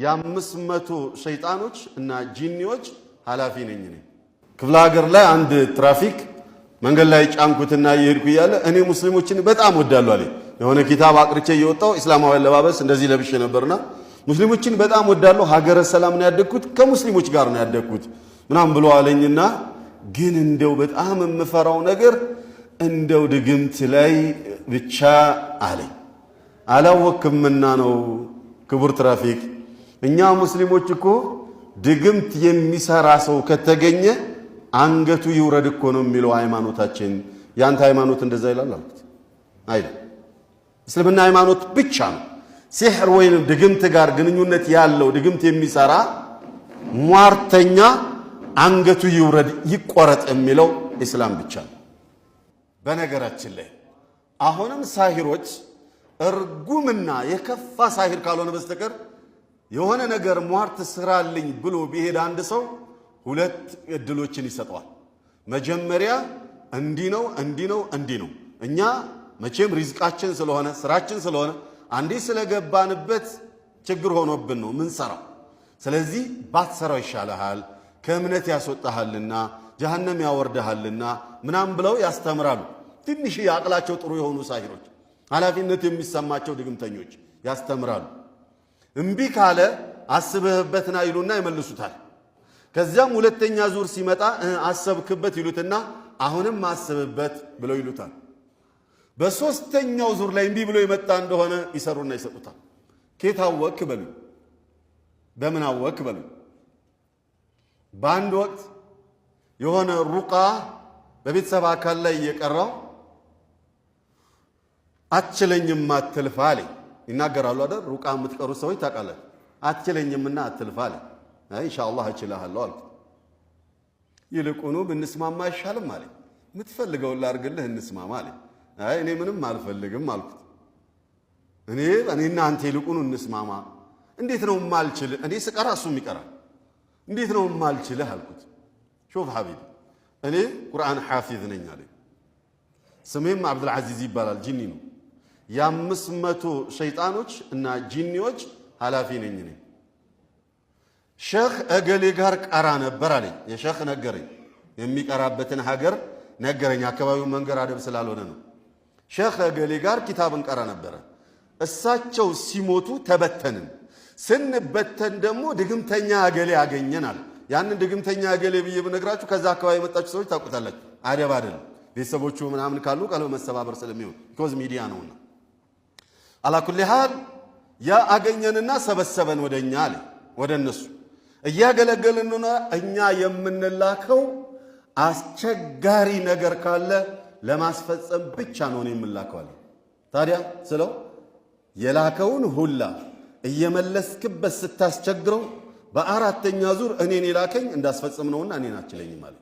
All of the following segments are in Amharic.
የአምስት መቶ ሸይጣኖች እና ጂኒዎች ኃላፊ ነኝ ነኝ። ክፍለ ሀገር ላይ አንድ ትራፊክ መንገድ ላይ ጫንኩትና እየሄድኩ እያለ እኔ ሙስሊሞችን በጣም ወዳሉ አለ። የሆነ ኪታብ አቅርቼ እየወጣው ኢስላማዊ አለባበስ እንደዚህ ለብሼ ነበርና ሙስሊሞችን በጣም ወዳለሁ፣ ሀገረ ሰላም ነው ያደግኩት፣ ከሙስሊሞች ጋር ነው ያደግኩት ምናም ብሎ አለኝና ግን እንደው በጣም የምፈራው ነገር እንደው ድግምት ላይ ብቻ አለኝ። አላወክምና ነው ክቡር ትራፊክ እኛ ሙስሊሞች እኮ ድግምት የሚሰራ ሰው ከተገኘ አንገቱ ይውረድ እኮ ነው የሚለው ሃይማኖታችን። ያንተ ሃይማኖት እንደዛ ይላል አልኩት። አይ እስልምና ሃይማኖት ብቻ ነው ሲሕር ወይንም ድግምት ጋር ግንኙነት ያለው ድግምት የሚሰራ ሟርተኛ አንገቱ ይውረድ ይቆረጥ የሚለው ኢስላም ብቻ ነው። በነገራችን ላይ አሁንም ሳሂሮች እርጉምና የከፋ ሳሂር ካልሆነ በስተቀር የሆነ ነገር ሟርት ስራልኝ ብሎ ቢሄድ አንድ ሰው ሁለት እድሎችን ይሰጠዋል። መጀመሪያ እንዲህ ነው እንዲህ ነው እንዲህ ነው። እኛ መቼም ሪዝቃችን ስለሆነ ስራችን ስለሆነ አንዴ ስለገባንበት ችግር ሆኖብን ነው ምንሰራው። ስለዚህ ባትሰራው ይሻልሃል ከእምነት ያስወጣሃልና ጀሃነም ያወርድሃልና ምናምን ብለው ያስተምራሉ። ትንሽ የአቅላቸው ጥሩ የሆኑ ሳሂሮች፣ ኃላፊነት የሚሰማቸው ድግምተኞች ያስተምራሉ። እምቢ ካለ አስበህበትና ይሉና ይመልሱታል። ከዚያም ሁለተኛ ዙር ሲመጣ አሰብክበት ይሉትና አሁንም አስብበት ብለው ይሉታል። በሶስተኛው ዙር ላይ እምቢ ብሎ የመጣ እንደሆነ ይሰሩና ይሰጡታል። ኬት አወክ በሉ፣ በምን አወክ በሉ። በአንድ ወቅት የሆነ ሩቃ በቤተሰብ አካል ላይ እየቀራው አችለኝም አትልፋ አለኝ ይናገራሉ አይደል? ሩቃ የምትቀሩ ሰዎች ታውቃለህ። አትችለኝምና አትልፋ አለ። ኢንሻአላህ እችልሃለሁ አልኩት። ይልቁኑ ብንስማማ አይሻልም አለ። የምትፈልገውን ላድርግልህ እንስማማ አለ። አይ እኔ ምንም አልፈልግም አልኩት። እኔ እኔና አንተ ይልቁኑ እንስማማ። እንዴት ነው ማልችል? እኔ ስቀራ እሱም ይቀራል። እንዴት ነው ማልችልህ አልኩት። ሾፍ ሐቢብ እኔ ቁርአን ሐፊዝ ነኝ አለ። ስሜም አብዱልዓዚዝ ይባላል። ጂኒ ነው የአምስት መቶ ሸይጣኖች እና ጂኒዎች ኃላፊ ነኝ ነኝ። ሸህ እገሌ ጋር ቀራ ነበር አለኝ። የሸህ ነገረኝ፣ የሚቀራበትን ሀገር ነገረኝ። አካባቢው መንገድ አደብ ስላልሆነ ነው። ሸህ እገሌ ጋር ኪታብ እንቀራ ነበረ። እሳቸው ሲሞቱ ተበተንን። ስንበተን ደግሞ ድግምተኛ እገሌ አገኘናል። ያንን ድግምተኛ እገሌ ብዬ ብነግራችሁ ከዛ አካባቢ የመጣችሁ ሰዎች ታውቁታላችሁ። አደብ አይደለም። ቤተሰቦቹ ምናምን ካሉ ቀልብ መሰባበር ስለሚሆን ቢኮዝ ሚዲያ ነውና አላኩልሃል ያ አገኘንና ሰበሰበን ወደ እኛ አለ። ወደ እነሱ እያገለገልንና እኛ የምንላከው አስቸጋሪ ነገር ካለ ለማስፈጸም ብቻ ነው የምላከው አለ። ታዲያ ስለው የላከውን ሁላ እየመለስክበት ስታስቸግረው በአራተኛ ዙር እኔን የላከኝ እንዳስፈጽም ነውና እኔን አችለኝም አለ።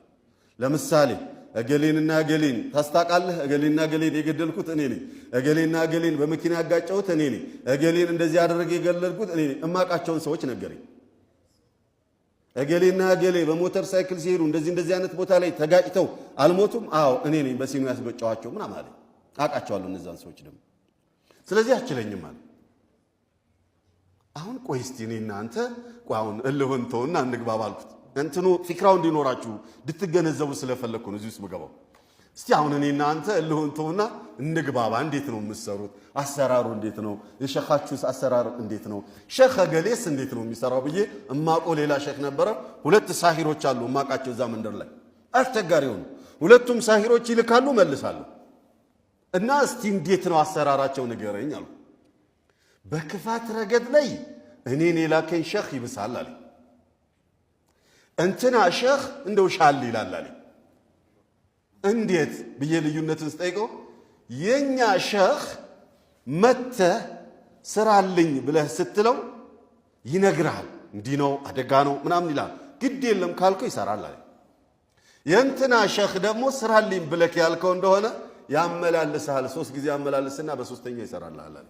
ለምሳሌ እገሌንና እገሌን ታስታቃለህ እገሌንና እገሌን የገደልኩት እኔ ነኝ፣ እገሌንና እገሌን በመኪና ያጋጨሁት እኔ ነኝ፣ እገሌን እንደዚህ አደረገ የገለልኩት እኔ ነኝ። እማቃቸውን ሰዎች ነገረኝ። እገሌና እገሌ በሞተር ሳይክል ሲሄዱ እንደዚህ እንደዚህ አይነት ቦታ ላይ ተጋጭተው አልሞቱም? አዎ እኔ ነኝ በሲኑ ያስገጨኋቸው ምናምን አለኝ። አውቃቸዋለሁ እነዛን ሰዎች ደግሞ። ስለዚህ አችለኝም አለ። አሁን ቆይ እስቲ እኔ እናንተ አሁን ተውና እንግባባ አልኩት። እንትኑ ፊክራው እንዲኖራችሁ እንድትገነዘቡ ስለፈለግኩ ነው እዚህ ውስጥ ምገባው። እስቲ አሁን እኔ እናንተ እልሆንተውና እንግባባ። እንዴት ነው የምሰሩት? አሰራሩ እንዴት ነው? የሸኻችሁስ አሰራር እንዴት ነው? ሸኽ ገሌስ እንዴት ነው የሚሰራው ብዬ እማቆ ሌላ ሸክ ነበረ። ሁለት ሳሂሮች አሉ እማቃቸው እዛ መንደር ላይ አስቸጋሪ ሆኑ። ሁለቱም ሳሂሮች ይልካሉ መልሳሉ። እና እስቲ እንዴት ነው አሰራራቸው ንገረኝ አሉ። በክፋት ረገድ ላይ እኔን የላከኝ ሸኽ ይብሳል አለኝ እንትና ሸህ እንደው ሻል ይላል አለኝ። እንዴት ብዬ ልዩነትን ስጠይቀው የእኛ ሸህ መተህ ስራልኝ ብለህ ስትለው ይነግርሃል። እንዲህ ነው አደጋ ነው ምናምን ይላል። ግድ የለም ካልከው ይሰራል አለኝ። የእንትና ሸህ ደግሞ ስራልኝ ብለህ ያልከው እንደሆነ ያመላልስሃል። ሶስት ጊዜ ያመላልስና በሶስተኛ ይሰራልሃል አለ።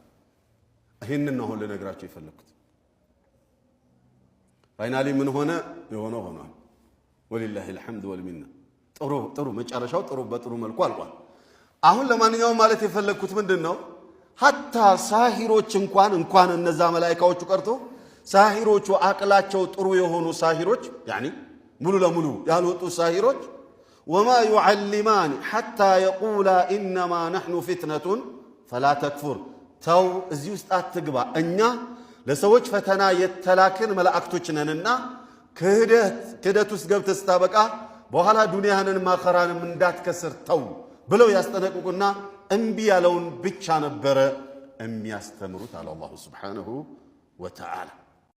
ይህንን ነው አሁን ልነግራቸው የፈለግኩት። ፋይናሊ ምን ሆነ? የሆነ ሆኗል። ወሊላሂ ልሐምድ ወልሚና። ጥሩ ጥሩ መጨረሻው ጥሩ በጥሩ መልኩ አልቋል። አሁን ለማንኛውም ማለት የፈለግኩት ምንድን ነው ሀታ ሳሂሮች እንኳን እንኳን እነዛ መላይካዎቹ ቀርቶ ሳሂሮቹ አቅላቸው ጥሩ የሆኑ ሳሂሮች ያኒ ሙሉ ለሙሉ ያልወጡ ሳሂሮች ወማ ዩዓሊማኒ ሐታ የቁላ ኢነማ ናሕኑ ፊትነቱን ፈላ ተክፉር ተው እዚህ ውስጥ አትግባ እኛ ለሰዎች ፈተና የተላክን መላእክቶች ነንና ክህደት ውስጥ ገብተ ስታበቃ በኋላ ዱንያንን አኸራንም እንዳትከስር ተው ብለው ያስጠነቅቁና እምቢ ያለውን ብቻ ነበረ የሚያስተምሩት አለ አላሁ ስብሓነሁ ወተዓላ።